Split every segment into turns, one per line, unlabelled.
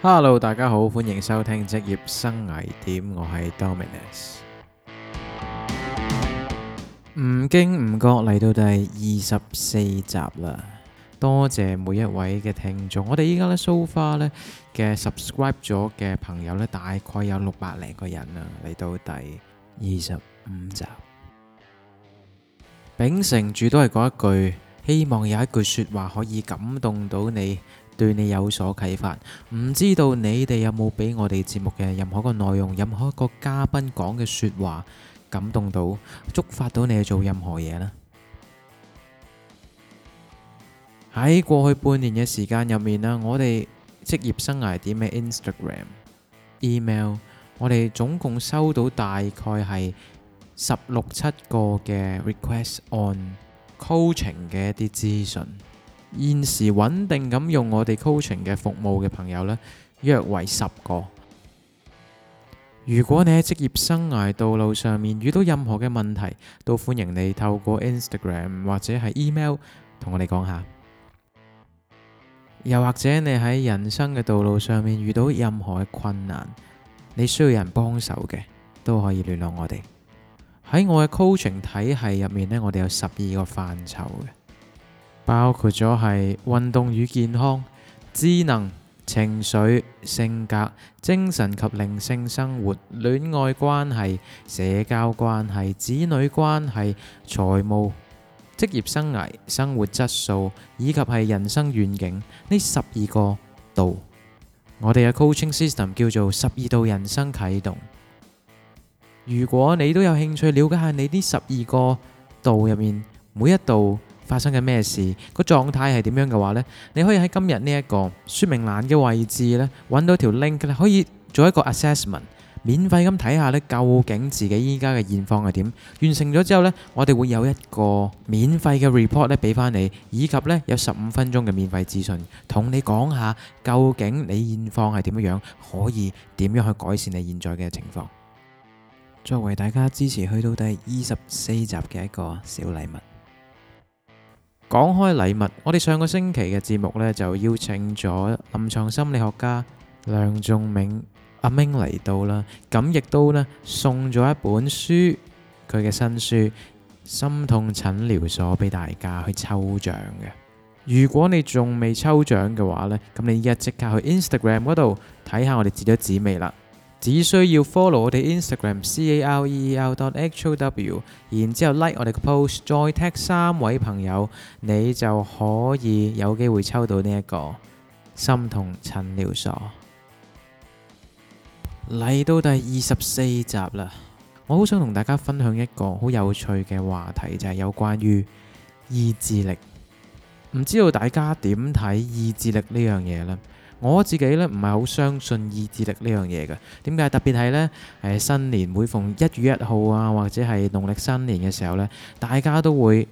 Hello 大家好，歡迎收聽職業生涯點，我係 Dominus，唔經唔覺嚟到第二十四集啦，多謝每一位嘅聽眾，我哋依家咧 so far 咧嘅 subscribe 咗嘅朋友呢，大概有六百零個人啊，嚟到第二十五集，秉承住都係嗰一句，希望有一句說話可以感動到你。對你有所啟發，唔知道你哋有冇俾我哋節目嘅任何一個內容、任何一個嘉賓講嘅說話感動到、觸發到你去做任何嘢呢？喺過去半年嘅時間入面呢，我哋職業生涯點嘅 Instagram、email，我哋總共收到大概係十六七個嘅 request on coaching 嘅一啲資訊。現時穩定咁用我哋 coaching 嘅服務嘅朋友呢，約為十個。如果你喺職業生涯道路上面遇到任何嘅問題，都歡迎你透過 Instagram 或者係 email 同我哋講下。又或者你喺人生嘅道路上面遇到任何嘅困難，你需要人幫手嘅，都可以聯絡我哋。喺我嘅 coaching 體系入面呢，我哋有十二個範疇嘅。包括咗係運動與健康、智能、情緒、性格、精神及靈性生活、戀愛關係、社交關係、子女關係、財務、職業生涯、生活質素以及係人生願景呢十二個度，我哋嘅 coaching system 叫做十二度人生啟動。如果你都有興趣了解下你呢十二個度入面每一度，發生緊咩事，個狀態係點樣嘅話呢？你可以喺今日呢一個說明欄嘅位置呢，搵到條 link 咧，可以做一個 assessment，免費咁睇下呢，究竟自己依家嘅現況係點。完成咗之後呢，我哋會有一個免費嘅 report 咧，俾翻你，以及呢，有十五分鐘嘅免費諮詢，同你講下究竟你現況係點樣，可以點樣去改善你現在嘅情況，作為大家支持去到第二十四集嘅一個小禮物講開禮物，我哋上個星期嘅節目咧就邀請咗臨牀心理學家梁仲明，阿明嚟到啦，咁亦都咧送咗一本書，佢嘅新書《心痛診療所》俾大家去抽獎嘅。如果你仲未抽獎嘅話咧，咁你依家即刻去只需要 follow 我哋 Instagram C A R E E R dot H O W，然之後 like 我哋嘅 post，再 tag 三位朋友，你就可以有機會抽到呢、這、一個心痛診療所。嚟到第二十四集啦，我好想同大家分享一個好有趣嘅話題，就係、是、有關於意志力。唔知道大家點睇意志力呢樣嘢呢？我自己咧，唔係好相信意志力呢樣嘢嘅。點解特別係呢？誒，新年每逢一月一號啊，或者係農曆新年嘅時候呢，大家都會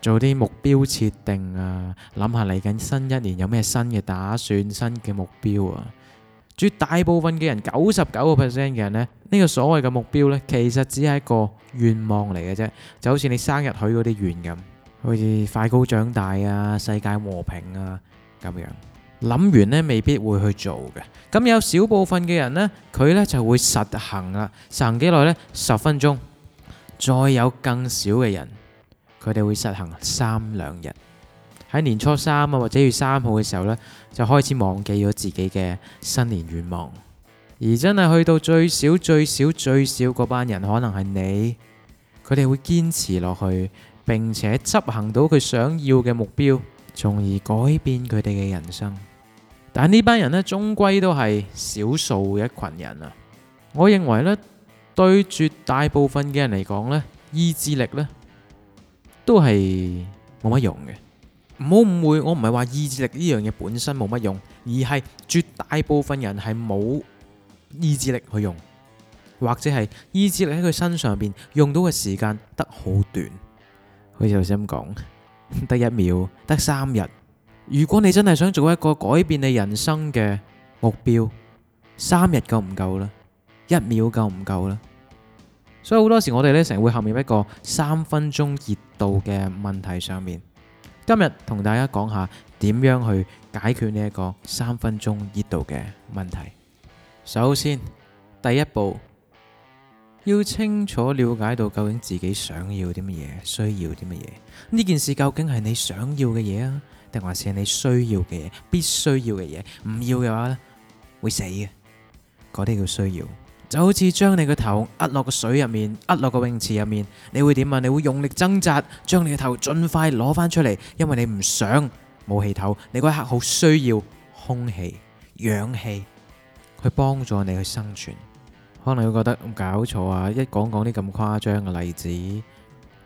做啲目標設定啊，諗下嚟緊新一年有咩新嘅打算、新嘅目標啊。絕大部分嘅人，九十九個 percent 嘅人呢，呢個所謂嘅目標呢，其實只係一個願望嚟嘅啫，就好似你生日許嗰啲願咁，好似快高長大啊、世界和平啊咁樣。諗完呢，未必會去做嘅。咁有少部分嘅人呢，佢呢就會實行啦。實行幾耐呢？十分鐘。再有更少嘅人，佢哋會實行三兩日。喺年初三啊，或者月三號嘅時候呢，就開始忘記咗自己嘅新年願望。而真係去到最少最少最少嗰班人，可能係你。佢哋會堅持落去，並且執行到佢想要嘅目標，從而改變佢哋嘅人生。但呢班人呢終歸都係少數嘅一群人啊！我認為呢，對絕大部分嘅人嚟講呢，意志力呢都係冇乜用嘅。唔好誤會，我唔係話意志力呢樣嘢本身冇乜用，而係絕大部分人係冇意志力去用，或者係意志力喺佢身上邊用到嘅時間得好短說。好似頭先咁講，得一秒，得三日。如果你真係想做一個改變你人生嘅目標，三日夠唔夠啦？一秒夠唔夠啦？所以好多時我哋呢成日會陷入一個三分鐘熱度嘅問題上面。今日同大家講下點樣去解決呢一個三分鐘熱度嘅問題。首先，第一步要清楚了解到究竟自己想要啲乜嘢，需要啲乜嘢。呢件事究竟係你想要嘅嘢啊？定還是你需要嘅嘢，必須要嘅嘢，唔要嘅話咧，會死嘅，嗰啲叫需要。就好似將你個頭壓落個水入面，壓落個泳池入面，你會點啊？你會用力掙扎，將你個頭盡快攞翻出嚟，因為你唔想冇氣頭。你嗰一刻好需要空氣、氧氣去幫助你去生存。可能會覺得咁，搞錯啊！一講講啲咁誇張嘅例子。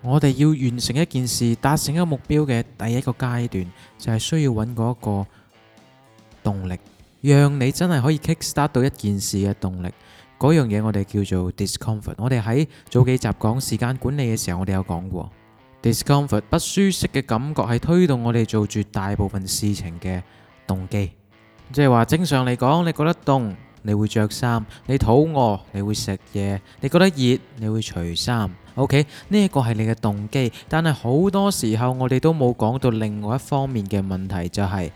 我哋要完成一件事、達成一個目標嘅第一個階段，就係、是、需要揾嗰一個動力，讓你真係可以 kick start 到一件事嘅動力。嗰樣嘢我哋叫做 discomfort。我哋喺早幾集講時間管理嘅時候，我哋有講過 discomfort 不舒適嘅感覺係推動我哋做絕大部分事情嘅動機。即係話正常嚟講，你覺得凍。你會着衫，你肚餓，你會食嘢，你覺得熱，你會除衫。OK，呢一個係你嘅動機，但係好多時候我哋都冇講到另外一方面嘅問題，就係、是、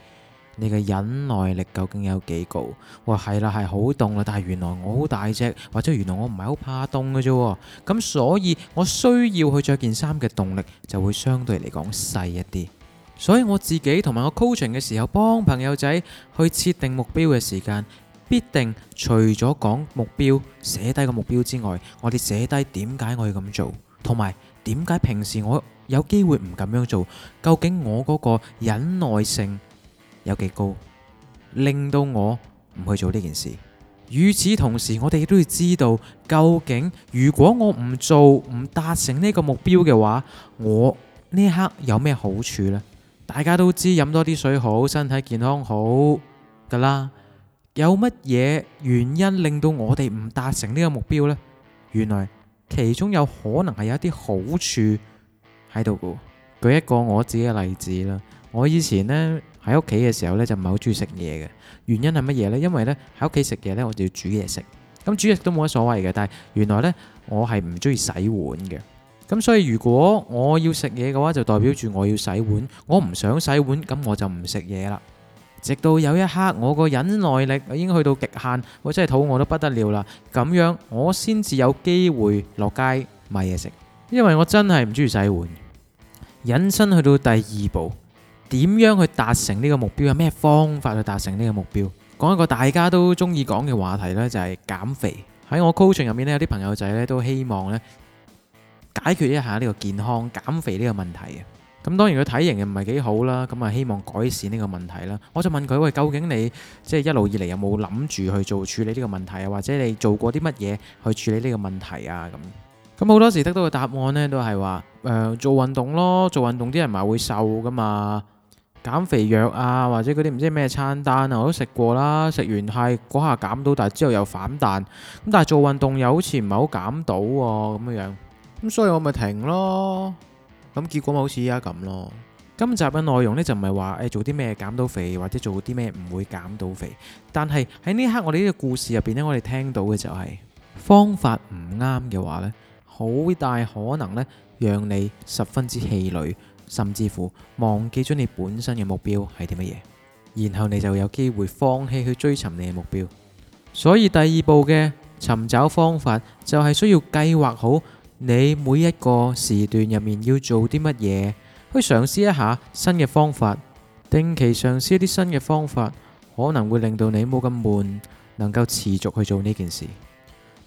你嘅忍耐力究竟有幾高？哇，係啦、啊，係好凍啦，但係原來我好大隻，或者原來我唔係好怕凍嘅啫。咁所以，我需要去着件衫嘅動力就會相對嚟講細一啲。所以我自己同埋我 coaching 嘅時候，幫朋友仔去設定目標嘅時間。必定除咗講目標，寫低個目標之外，我哋寫低點解我要咁做，同埋點解平時我有機會唔咁樣做，究竟我嗰個忍耐性有幾高，令到我唔去做呢件事。與此同時，我哋都要知道，究竟如果我唔做唔達成呢個目標嘅話，我呢一刻有咩好處呢？大家都知飲多啲水好，身體健康好噶啦。有乜嘢原因令到我哋唔達成呢個目標呢？原來其中有可能係有一啲好處喺度㗎。舉一個我自己嘅例子啦，我以前呢喺屋企嘅時候呢，就唔係好中意食嘢嘅，原因係乜嘢呢？因為呢喺屋企食嘢呢，我就要煮嘢食，咁煮嘢都冇乜所謂嘅。但係原來呢，我係唔中意洗碗嘅，咁所以如果我要食嘢嘅話，就代表住我要洗碗，我唔想洗碗，咁我就唔食嘢啦。直到有一刻，我個忍耐力已經去到極限，我真係肚餓得不得了啦。咁樣我先至有機會落街買嘢食，因為我真係唔中意洗碗。引申去到第二步，點樣去達成呢個目標？有咩方法去達成呢個目標？講一個大家都中意講嘅話題呢，就係、是、減肥。喺我 coaching 入面呢，有啲朋友仔呢，都希望呢解決一下呢個健康減肥呢個問題。咁當然佢體型又唔係幾好啦，咁啊希望改善呢個問題啦。我就問佢：喂，究竟你即係一路以嚟有冇諗住去做處理呢個問題啊？或者你做過啲乜嘢去處理呢個問題啊？咁咁好多時得到嘅答案呢都係話、呃、做運動咯，做運動啲人咪會瘦噶嘛。減肥藥啊，或者嗰啲唔知咩餐單啊，我都食過啦。食完係嗰下減到，但係之後又反彈。咁但係做運動又好似唔係好減到喎，咁樣。咁所以我咪停咯。咁結果咪好似依家咁咯。今集嘅內容咧就唔係話誒做啲咩減到肥或者做啲咩唔會減到肥，但係喺呢刻我哋呢個故事入邊咧，我哋聽到嘅就係方法唔啱嘅話咧，好大可能咧，讓你十分之氣餒，甚至乎忘記咗你本身嘅目標係啲乜嘢，然後你就有機會放棄去追尋你嘅目標。所以第二步嘅尋找方法就係需要計劃好。你每一個時段入面要做啲乜嘢？去嘗試一下新嘅方法，定期嘗試一啲新嘅方法，可能會令到你冇咁悶，能夠持續去做呢件事。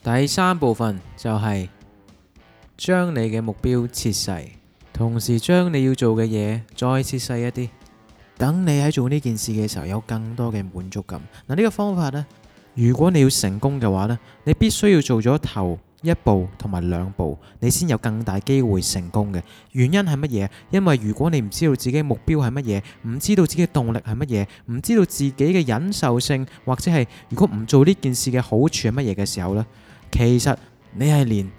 第三部分就係將你嘅目標切細，同時將你要做嘅嘢再切細一啲，等你喺做呢件事嘅時候有更多嘅滿足感。嗱，呢個方法呢，如果你要成功嘅話呢，你必須要做咗頭一步同埋兩步，你先有更大機會成功嘅。原因係乜嘢？因為如果你唔知道自己目標係乜嘢，唔知道自己嘅動力係乜嘢，唔知道自己嘅忍受性，或者係如果唔做呢件事嘅好處係乜嘢嘅時候呢，其實你係連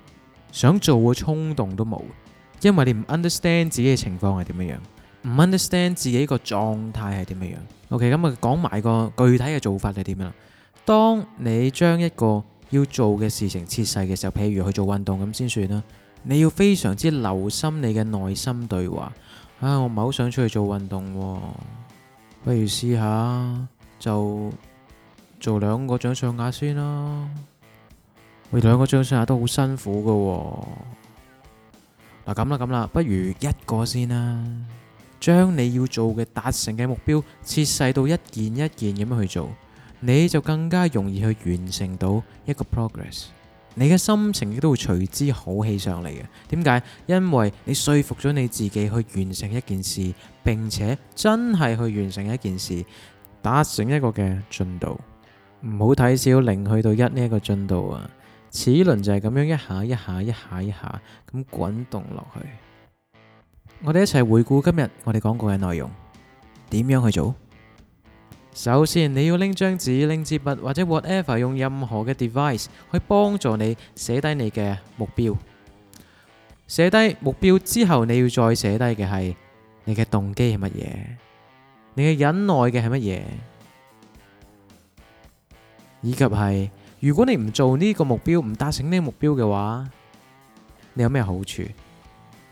想做嘅衝動都冇，因為你唔 understand 自己嘅情況係點樣樣，唔 understand 自己個狀態係點樣樣。OK，咁啊講埋個具體嘅做法係點樣？當你將一個要做嘅事情切細嘅時候，譬如去做運動咁先算啦。你要非常之留心你嘅內心對話。啊，我唔係好想出去做運動，不如試下就做兩個掌上壓先啦。喂，兩個掌上壓都好辛苦噶。嗱，咁啦咁啦，不如一個先啦。將你要做嘅達成嘅目標切細到一件一件咁樣去做。你就更加容易去完成到一個 progress，你嘅心情亦都會隨之好起上嚟嘅。點解？因為你說服咗你自己去完成一件事，並且真係去完成一件事，達成一個嘅進度。唔好睇小零去到一呢個進度啊！齒輪就係咁樣一下一下一下一下咁滾動落去。我哋一齊回顧今日我哋講過嘅內容，點樣去做？首先，你要拎張紙，拎支筆或者 whatever 用任何嘅 device 去幫助你寫低你嘅目標。寫低目標之後，你要再寫低嘅係你嘅動機係乜嘢？你嘅忍耐嘅係乜嘢？以及係如果你唔做呢個目標，唔達成呢個目標嘅話，你有咩好處？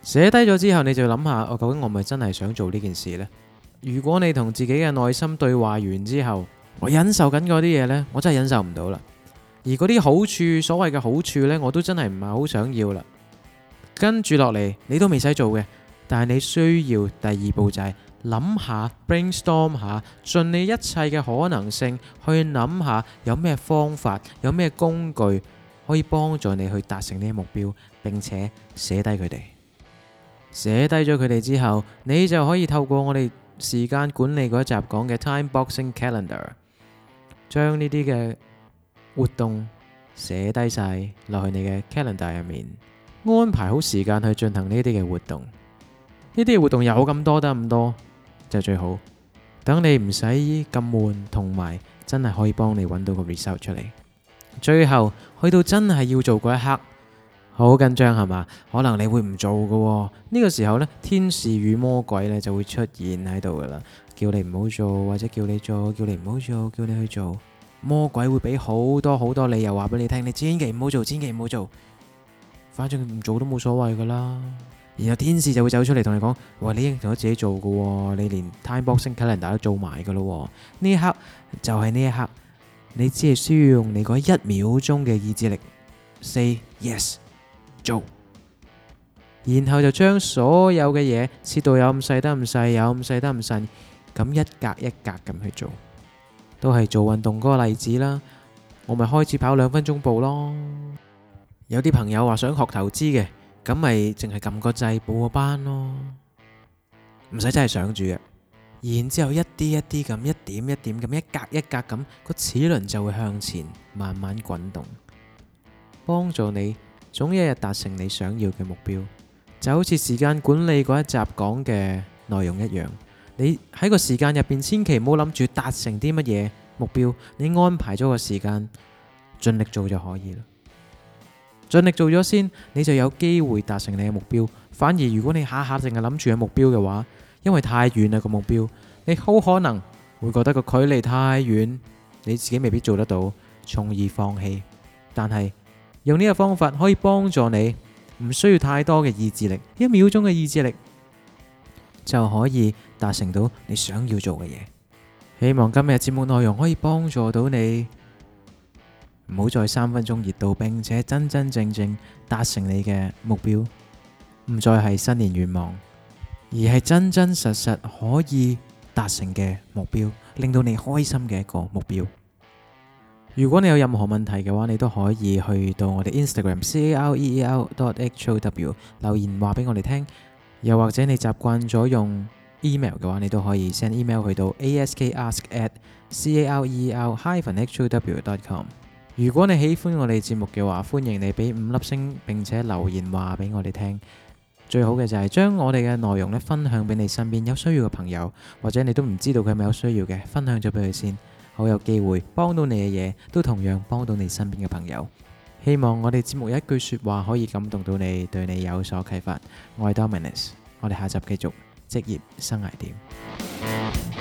寫低咗之後，你就諗下，我究竟我咪真係想做呢件事呢？如果你同自己嘅內心對話完之後，我忍受緊嗰啲嘢呢，我真係忍受唔到啦。而嗰啲好處，所謂嘅好處呢，我都真係唔係好想要啦。跟住落嚟，你都未使做嘅，但係你需要第二步就係諗下 brainstorm 下，盡你一切嘅可能性去諗下有咩方法，有咩工具可以幫助你去達成呢個目標，並且寫低佢哋。寫低咗佢哋之後，你就可以透過我哋，時間管理嗰一集講嘅 time boxing calendar，將呢啲嘅活動寫低晒落去你嘅 calendar 入面，安排好時間去進行呢啲嘅活動。呢啲活動有咁多得咁多就最好，等你唔使咁悶，同埋真係可以幫你揾到個 result 出嚟。最後去到真係要做嗰一刻。好緊張係嘛？可能你會唔做噶喎。呢個時候呢，天使與魔鬼呢就會出現喺度噶啦，叫你唔好做或者叫你做，叫你唔好做，叫你去做。魔鬼會俾好多好多理由話俾你聽，你千祈唔好做，千祈唔好做。反正唔做都冇所謂噶啦。然後天使就會走出嚟同你講：哇，你認同咗自己做噶，你連 time boxing calendar 都做埋噶啦。呢一刻就係呢一刻，你只係需要用你嗰一秒鐘嘅意志力，say yes。做，然後就將所有嘅嘢切到有咁細得咁細，有咁細得咁細，咁一格一格咁去做，都係做運動嗰個例子啦。我咪開始跑兩分鐘步咯。有啲朋友話想學投資嘅，咁咪淨係撳個掣報個班咯，唔使真係想住嘅。然之後一啲一啲咁，一點一點咁，一格一格咁，個齒輪就會向前慢慢滾動，幫助你。總有一日達成你想要嘅目標，就好似時間管理嗰一集講嘅內容一樣。你喺個時間入邊，千祈唔好諗住達成啲乜嘢目標。你安排咗個時間，盡力做就可以啦。盡力做咗先，你就有機會達成你嘅目標。反而如果你下下淨係諗住嘅目標嘅話，因為太遠啦個目標，你好可能會覺得個距離太遠，你自己未必做得到，從而放棄。但係。用呢個方法可以幫助你，唔需要太多嘅意志力，一秒鐘嘅意志力就可以達成到你想要做嘅嘢。希望今日節目內容可以幫助到你，唔好再三分鐘熱度，並且真真正正達成你嘅目標，唔再係新年願望，而係真真實實可以達成嘅目標，令到你開心嘅一個目標。如果你有任何問題嘅話，你都可以去到我哋 Instagram C A R E E R dot H O W 留言話俾我哋聽。又或者你習慣咗用 email 嘅話，你都可以 send email 去到 ask ask at C A R E E R hyphen H O W dot com。如果你喜歡我哋節目嘅話，歡迎你俾五粒星並且留言話俾我哋聽。最好嘅就係將我哋嘅內容咧，分享俾你身邊有需要嘅朋友，或者你都唔知道佢係咪有需要嘅，分享咗俾佢先。好有機會幫到你嘅嘢，都同樣幫到你身邊嘅朋友。希望我哋節目一句說話可以感動到你，對你有所啟發。我係 Dominus，我哋下集繼續職業生涯點。